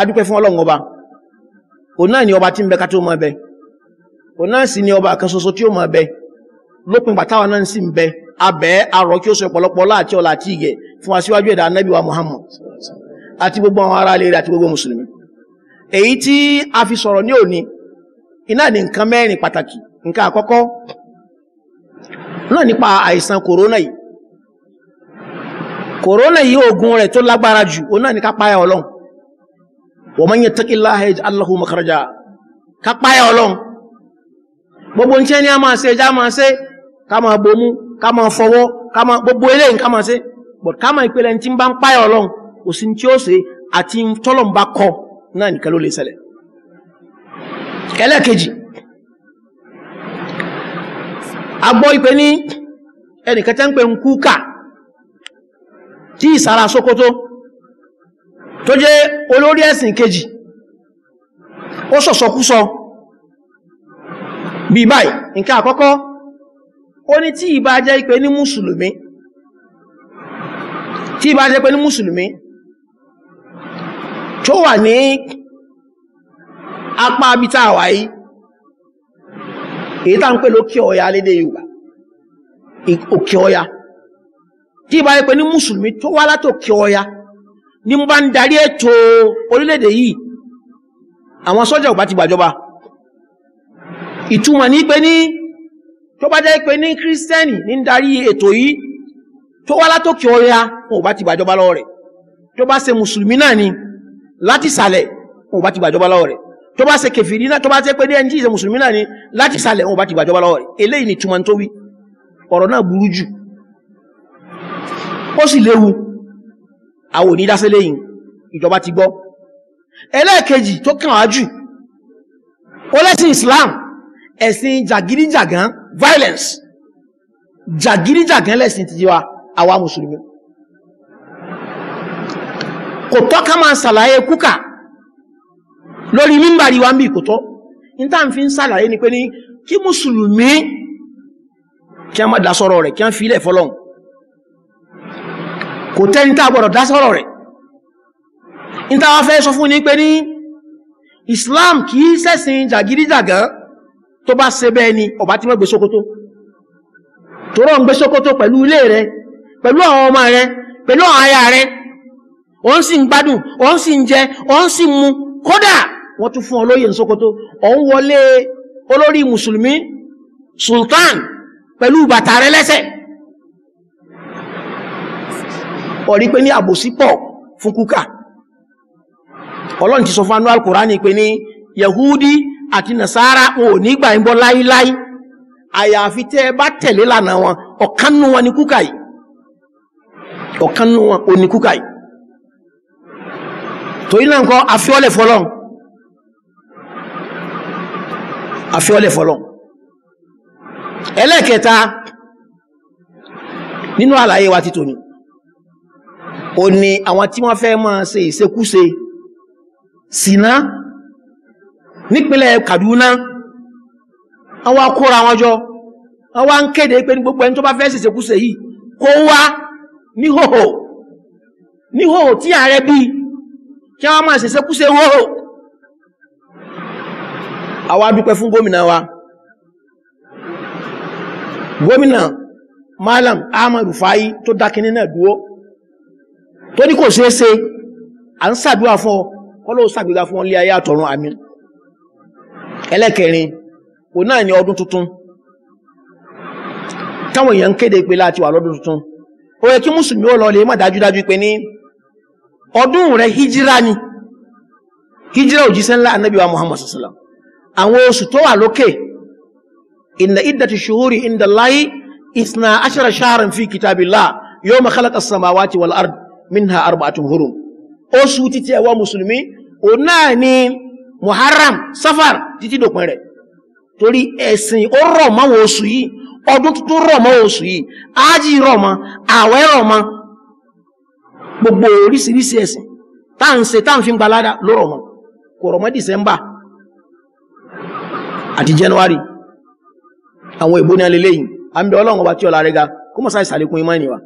adúpẹ́ fún ọlọ́run ọba òun náà ni ọba tí ń bẹ ká tó mọ bẹ òun náà ni ọba kan ṣoṣo tí ó mọ bẹ lópin pàtàwọn náà sì ń bẹ arọ kí ó sọ ọ̀pọ̀lọpọ̀ láti ọlà àti ìgẹ fún wa síwájú anábì wa Muhammad àti gbogbo àwọn ará ilé àti gbogbo mùsùlùmí èyí tí a fi sọ̀rọ̀ ní òní iná nǹkan mẹ́rin pàtàkì nǹkan àkọ́kọ́ náà nípa àìsàn kòrónà yìí kòrónà yìí oògùn rẹ̀ tó lágbára jù òun náà ní ká wa man yattaqillaha yaj'al lahu makhraja ká páyà ọlọ́run gbogbo iṣẹ́ ní a máa ṣe ẹjá máa ṣe ká máa bomú ká máa fọwọ́ ká máa gbogbo eléyìí ká máa ṣe but ká máa ìpele tí ń bá ń páyà ọlọ́run kò sí tí ó ṣe àti tọ́lọ̀n bá kọ náà nìkan ló lè ṣẹlẹ̀ tó jẹ́ olórí ẹ̀sìn kejì ó sọ̀sọ̀kúsọ bí báyìí nǹkan àkọ́kọ́ ó ní tí ìbá jẹ́ ìpè ní mùsùlùmí tí ìbá jẹ́ ìpè ní mùsùlùmí tó wà ní apá abítà wáyí èyí tá ń pè lókè ọya lédè Yorùbá òkè ọya tí ìbá jẹ́ ìpè ní mùsùlùmí tó wá látòkè ọya ní mo bá ń darí ètò orílẹ̀-èdè yìí àwọn sọ́jà ò bá ti gbàjọba ìtumọ̀ ní pé ní tó bá jẹ́ pé ní kírísítẹ́nì ní ń darí ètò yìí tó wá látòkè ọ̀rẹ́a wọn ti gbàjọba lọ́wọ́ rẹ̀ tó bá ṣe mùsùlùmí náà ni láti sàlẹ̀ wọn ò bá ti gbàjọba lọ́wọ́ rẹ̀ tó bá ṣe kẹfìrí náà tó bá ṣe pé ní ẹni tí mùsùlùmí náà ni láti sàlẹ̀ wọn ò bá ti gbàjọba lọ́wọ́ rẹ̀ eléyìí ni ìtumọ̀ tó wí ọ̀rọ̀ náà burú jù ó sì léwu àwọn òní dásẹ́ lẹ́yìn ìjọba ti gbọ́ ẹlẹ́ẹ̀kejì tó kàn wá jù ó lẹ́sìn Islam ẹ̀sìn jàgídíjàgán violence jàgídíjàgán lẹ́sìn ti wa àwa mùsùlùmí kò tọ́ ká máa ṣàlàyé kúkà lórí mímbàrí wa ń bí kò tọ́ ní ń fi ń ṣàlàyé ni pé ní kí mùsùlùmí kí a má dá sọ̀rọ̀ rẹ̀ kí a fi ilẹ̀ fọlọ́hùn kò tẹ́ni tá gbọ́dọ̀ dá sọ́rọ̀ rẹ̀ níta wá fẹ́ sọ fún ni Islam kì í ṣẹ̀sìn jàgídíjàgán tó bá ṣe bẹ́ẹ̀ ni ọba tí wọ́n gbé Sókótó tó rọ̀ ń gbé Sókótó pẹ̀lú ilé rẹ̀ pẹ̀lú àwọn ọmọ pẹ̀lú aya rẹ̀ sì ń gbádùn sì ń jẹ sì ń mu kódà wọ́n tún fún olóyè wọlé olórí mùsùlùmí sultan pẹ̀lú ọ̀rí pé ní àbòsí pọ̀ fún kúkà ọlọ́run ti sọ fún anú alkùránì pé ní yahudi àti nasara wọn ò ní gbà ń bọ́ láíláí àyàfi tẹ́ ẹ bá tẹ̀lé lànà wọn ọ̀kanú wọn ni kúkà yìí ọ̀kanú wọn ò ní kúkà yìí torí náà nǹkan àfiọ́lẹ̀ fọlọ́n àfiọ́lẹ̀ fọlọ́n ẹlẹ́ẹ̀kẹta nínú àlàyé wa ti tòní ó ní àwọn tí wọ́n fẹ́ máa ṣe ìṣekúṣe sínà nípínlẹ̀ Kaduna àwọn akóra wọn jọ àwọn wá ń kéde pé ní gbogbo ẹni tó bá fẹ́ ṣe ìṣekúṣe yìí kó wá níhòhò níhòhò tí ààrẹ bí kí wọ́n máa ṣe ìṣekúṣe hóhò àwa dúpẹ́ fún gómìnà wa gómìnà Malam Ahmad Rufai tó dákinní náà dúró tó ní kò ṣeé ṣe à ń ṣàdúrà fún ọ kọ́lọ́ ṣàgbéga fún ọ lé ayé àtọ̀run àmín ẹlẹ́kẹrin òun náà ní ọdún tuntun táwọn èèyàn ń kéde pé láti wà lọ́dún tuntun ó yẹ kí mùsùlùmí ó lọ lè mọ̀ dájúdájú pé ní ọdún rẹ hijira ni hijira òjíṣẹ́ ńlá anábì wa muhammad sallam àwọn oṣù tó wà lókè iddati shuhuri inda Allahi isna ashara shahran fi wal minha arba'atun hurum oṣù títí ẹwà mùsùlùmí o náà ni muharram safar títí dòpin rẹ̀ torí ẹ̀sìn ó rọ̀ mọ́ oṣù yìí ọdún tuntun rọ̀ mọ́ oṣù yìí ájì rọ̀ mọ́ àwẹ̀ rọ̀ mọ́ gbogbo oríṣiríṣi ẹ̀sìn tá ń ṣe tá ń fi ń gbalada ló rọ̀ mọ́ kò rọ̀ mọ́ december àti january àwọn ìbóni alẹ́lẹ́yìn àmì ọlọ́run ọba tí ọlá rẹ̀ ga kó mọ̀ sáà ìsàlẹ̀kùn ìmọ̀ ènìyàn